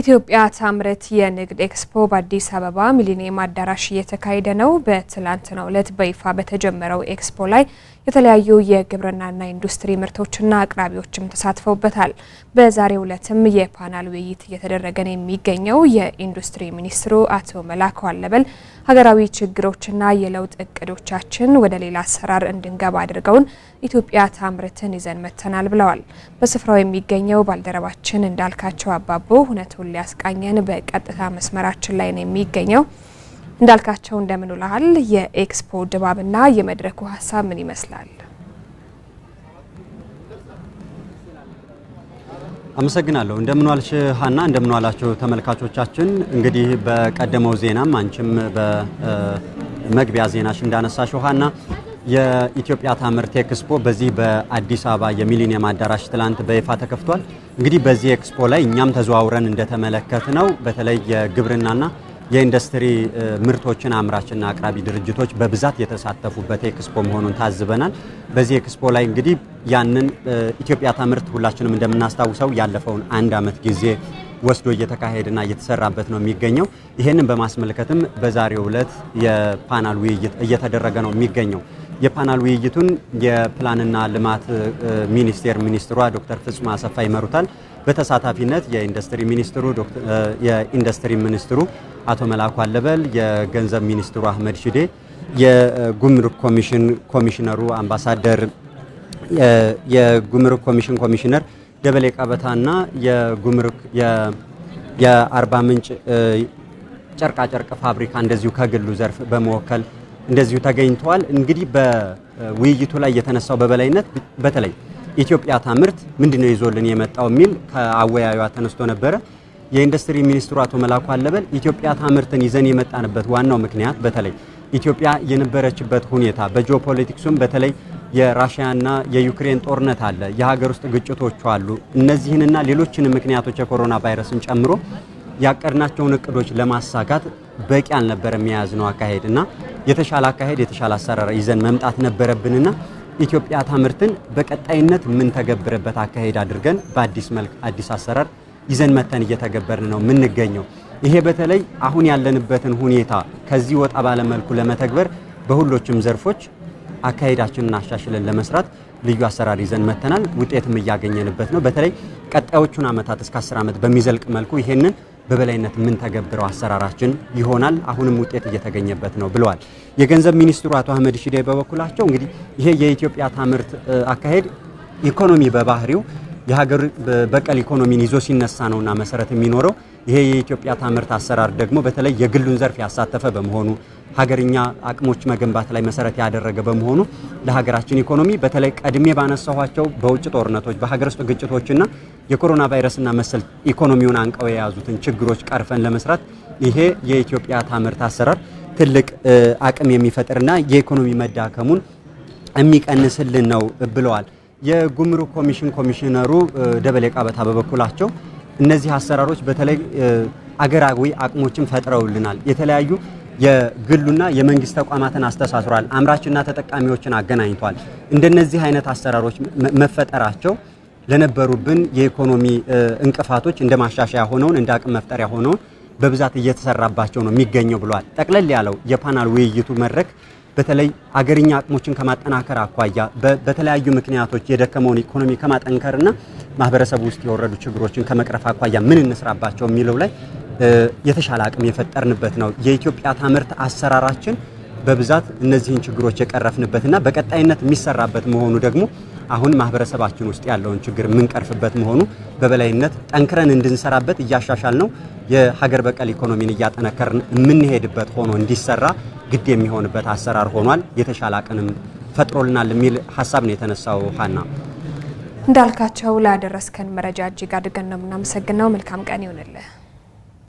ኢትዮጵያ ታምረት የንግድ ኤክስፖ በአዲስ አበባ ሚሊኒየም አዳራሽ እየተካሄደ ነው። በትላንትናው ዕለት በይፋ በተጀመረው ኤክስፖ ላይ የተለያዩ የግብርናና ኢንዱስትሪ ምርቶችና አቅራቢዎችም ተሳትፈውበታል። በዛሬው ዕለትም የፓናል ውይይት እየተደረገ ነው የሚገኘው። የኢንዱስትሪ ሚኒስትሩ አቶ መላኩ አለበል ሀገራዊ ችግሮችና የለውጥ እቅዶቻችን ወደ ሌላ አሰራር እንድንገባ አድርገውን ኢትዮጵያ ታምርትን ይዘን መጥተናል ብለዋል። በስፍራው የሚገኘው ባልደረባችን እንዳልካቸው አባቦ ሁነቱን ሊያስቃኘን በቀጥታ መስመራችን ላይ ነው የሚገኘው። እንዳልካቸው እንደምን ውለሃል? የኤክስፖ ድባብና የመድረኩ ሀሳብ ምን ይመስላል? አመሰግናለሁ። እንደምንዋልሽ ሀና፣ እንደምን ተመልካቾቻችን። እንግዲህ በቀደመው ዜናም አንቺም በመግቢያ ዜናሽ እንዳነሳሽው ሀና የኢትዮጵያ ታምርት ኤክስፖ በዚህ በአዲስ አበባ የሚሊኒየም አዳራሽ ትላንት በይፋ ተከፍቷል። እንግዲህ በዚህ ኤክስፖ ላይ እኛም ተዘዋውረን እንደተመለከት ነው በተለይ የግብርናና የኢንዱስትሪ ምርቶችን አምራችና አቅራቢ ድርጅቶች በብዛት የተሳተፉበት ኤክስፖ መሆኑን ታዝበናል። በዚህ ኤክስፖ ላይ እንግዲህ ያንን ኢትዮጵያ ታምርት ሁላችንም እንደምናስታውሰው ያለፈውን አንድ ዓመት ጊዜ ወስዶ እየተካሄደና እየተሰራበት ነው የሚገኘው። ይህንን በማስመልከትም በዛሬው ዕለት የፓናል ውይይት እየተደረገ ነው የሚገኘው። የፓናል ውይይቱን የፕላንና ልማት ሚኒስቴር ሚኒስትሯ ዶክተር ፍጹም አሰፋ ይመሩታል። በተሳታፊነት የኢንዱስትሪ ሚኒስትሩ የኢንዱስትሪ ሚኒስትሩ አቶ መላኩ አለበል፣ የገንዘብ ሚኒስትሩ አህመድ ሽዴ፣ የጉምሩክ ኮሚሽን ኮሚሽነሩ አምባሳደር የጉምሩክ ኮሚሽን ኮሚሽነር ደበሌ ቀበታና የጉምሩክ የአርባ ምንጭ ጨርቃጨርቅ ፋብሪካ እንደዚሁ ከግሉ ዘርፍ በመወከል እንደዚሁ ተገኝተዋል። እንግዲህ በውይይቱ ላይ የተነሳው በበላይነት በተለይ ኢትዮጵያ ታምርት ምንድን ነው ይዞልን የመጣው የሚል ከአወያዩዋ ተነስቶ ነበረ። የኢንዱስትሪ ሚኒስትሩ አቶ መላኩ አለበል ኢትዮጵያ ታምርትን ይዘን የመጣንበት ዋናው ምክንያት በተለይ ኢትዮጵያ የነበረችበት ሁኔታ በጂኦፖለቲክሱም በተለይ የራሽያና የዩክሬን ጦርነት አለ፣ የሀገር ውስጥ ግጭቶች አሉ። እነዚህንና ሌሎችን ምክንያቶች የኮሮና ቫይረስን ጨምሮ ያቀድናቸውን እቅዶች ለማሳካት በቂ አልነበረም የያዝነው አካሄድ እና የተሻለ አካሄድ የተሻለ አሰራር ይዘን መምጣት ነበረብንና ኢትዮጵያ ታምርትን በቀጣይነት የምንተገብርበት አካሄድ አድርገን በአዲስ መልክ አዲስ አሰራር ይዘን መተን እየተገበርን ነው የምንገኘው። ይሄ በተለይ አሁን ያለንበትን ሁኔታ ከዚህ ወጣ ባለመልኩ ለመተግበር በሁሎችም ዘርፎች አካሄዳችንን አሻሽለን ለመስራት ልዩ አሰራር ይዘን መተናል። ውጤትም እያገኘንበት ነው። በተለይ ቀጣዮቹን ዓመታት እስከ አስር ዓመት በሚዘልቅ መልኩ ይሄንን በበላይነት የምንተገብረው አሰራራችን ይሆናል። አሁንም ውጤት እየተገኘበት ነው ብለዋል። የገንዘብ ሚኒስትሩ አቶ አህመድ ሺዴ በበኩላቸው እንግዲህ ይሄ የኢትዮጵያ ታምርት አካሄድ ኢኮኖሚ በባህሪው የሀገር በቀል ኢኮኖሚን ይዞ ሲነሳ ነውና መሰረት የሚኖረው ይሄ የኢትዮጵያ ታምርት አሰራር ደግሞ በተለይ የግሉን ዘርፍ ያሳተፈ በመሆኑ ሀገርኛ አቅሞች መገንባት ላይ መሰረት ያደረገ በመሆኑ ለሀገራችን ኢኮኖሚ በተለይ ቀድሜ ባነሳኋቸው በውጭ ጦርነቶች፣ በሀገር ውስጥ ግጭቶችና የኮሮና ቫይረስና መሰል ኢኮኖሚውን አንቀው የያዙትን ችግሮች ቀርፈን ለመስራት ይሄ የኢትዮጵያ ታምርት አሰራር ትልቅ አቅም የሚፈጥርና የኢኮኖሚ መዳከሙን የሚቀንስልን ነው ብለዋል። የጉምሩክ ኮሚሽን ኮሚሽነሩ ደበሌ ቃበታ በበኩላቸው እነዚህ አሰራሮች በተለይ አገራዊ አቅሞችን ፈጥረውልናል፣ የተለያዩ የግሉና የመንግስት ተቋማትን አስተሳስሯል፣ አምራችና ተጠቃሚዎችን አገናኝቷል። እንደነዚህ አይነት አሰራሮች መፈጠራቸው ለነበሩብን የኢኮኖሚ እንቅፋቶች እንደ ማሻሻያ ሆነውን እንደ አቅም መፍጠሪያ ሆነውን በብዛት እየተሰራባቸው ነው የሚገኘው ብለዋል። ጠቅለል ያለው የፓናል ውይይቱ መድረክ በተለይ አገርኛ አቅሞችን ከማጠናከር አኳያ በተለያዩ ምክንያቶች የደከመውን ኢኮኖሚ ከማጠንከርና ማህበረሰቡ ውስጥ የወረዱ ችግሮችን ከመቅረፍ አኳያ ምን እንስራባቸው የሚለው ላይ የተሻለ አቅም የፈጠርንበት ነው። የኢትዮጵያ ታምርት አሰራራችን በብዛት እነዚህን ችግሮች የቀረፍንበትና በቀጣይነት የሚሰራበት መሆኑ ደግሞ አሁን ማህበረሰባችን ውስጥ ያለውን ችግር የምንቀርፍበት መሆኑ በበላይነት ጠንክረን እንድንሰራበት እያሻሻል ነው የሀገር በቀል ኢኮኖሚን እያጠነከርን የምንሄድበት ሆኖ እንዲሰራ ግድ የሚሆንበት አሰራር ሆኗል። የተሻለ አቅንም ፈጥሮልናል የሚል ሀሳብ ነው የተነሳው። ሀና እንዳልካቸው ላደረስከን መረጃ እጅግ አድርገን ነው የምናመሰግነው። መልካም ቀን ይሆንልህ።